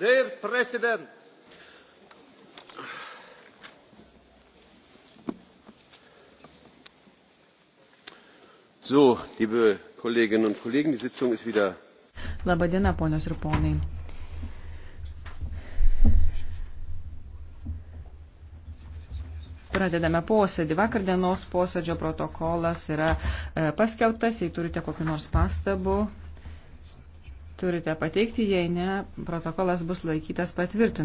Dear President, So, liebe Kolleginnen und Kollegen, die Sitzung ist wieder. Labadiena, ponios ir ponai. Pradedame posėdį. Vakar dienos posėdžio protokolas yra e, paskelbtas. Jei turite kokį nors pastabų, turite pateikti. Jei ne, protokolas bus laikytas patvirtintas.